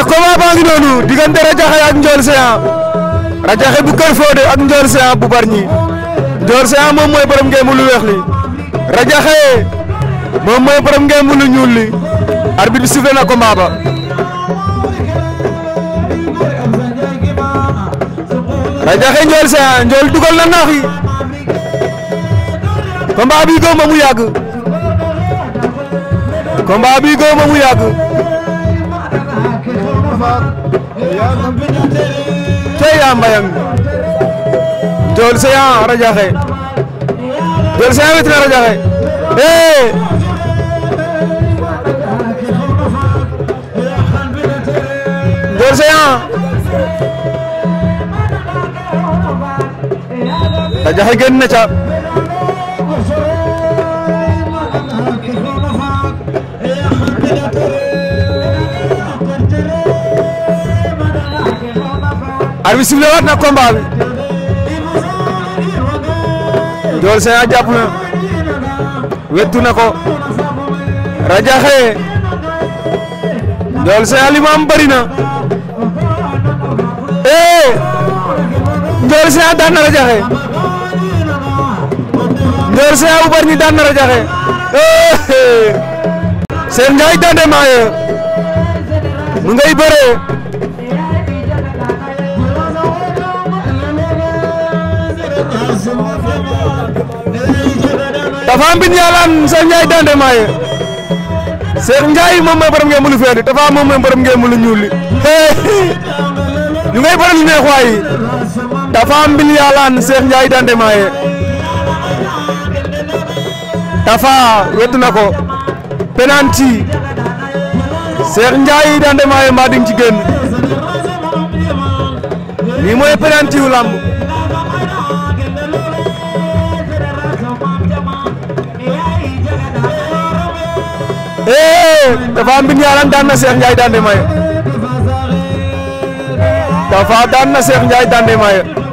acca combat baa ngi raja diggante Radiakhé ak Ndiol Géant Radiakhé bu Kër Fodé ak Ndiol Géant bu Bargny Ndiol Géant moom mooy borom ngeen mu lu weex li Radiakhé moom mooy borom ngeen mu lu ñuul li arbitre bi sifflé na combat ba Radiakhé Ndiol Géant Ndiol dugal na naax yi combat bi mu combat bi mu tey yaa mbayam jool se yaa rajaxe jool se yaa wetina rajaxe ee jool se yaa rajaxe génn na ca arbi sifflé na combat bi Ndiol Sénégal jàpp na wettu na ko rajaxe Ndiol Sénégal li mu na eh Ndiol Sénégal daan na rajaxe Ndiol Sénégal bu bëri ni daan na rajaxe eh Sène Ndiaye daan na maaye mu ngay bëree. Tapha Mbine Yalane Cheikh Ndiaye Dande Maye Cheikh Ndiaye moom mooy borom ngeen lu feer Tapha moom mooy borom ngeen lu ñuul ñu ngay borom ñu neex waay Tapha Mbine Yalane Cheikh Ndiaye Dande Maye Tapha wetu na penalty Cheikh Dande Maye ci penalty wu lamb Tapha Mbine Yalane daan na Cheikh Ndiaye Dandé Mayo Tapha daan na Cheikh Ndiaye Dandé Mayo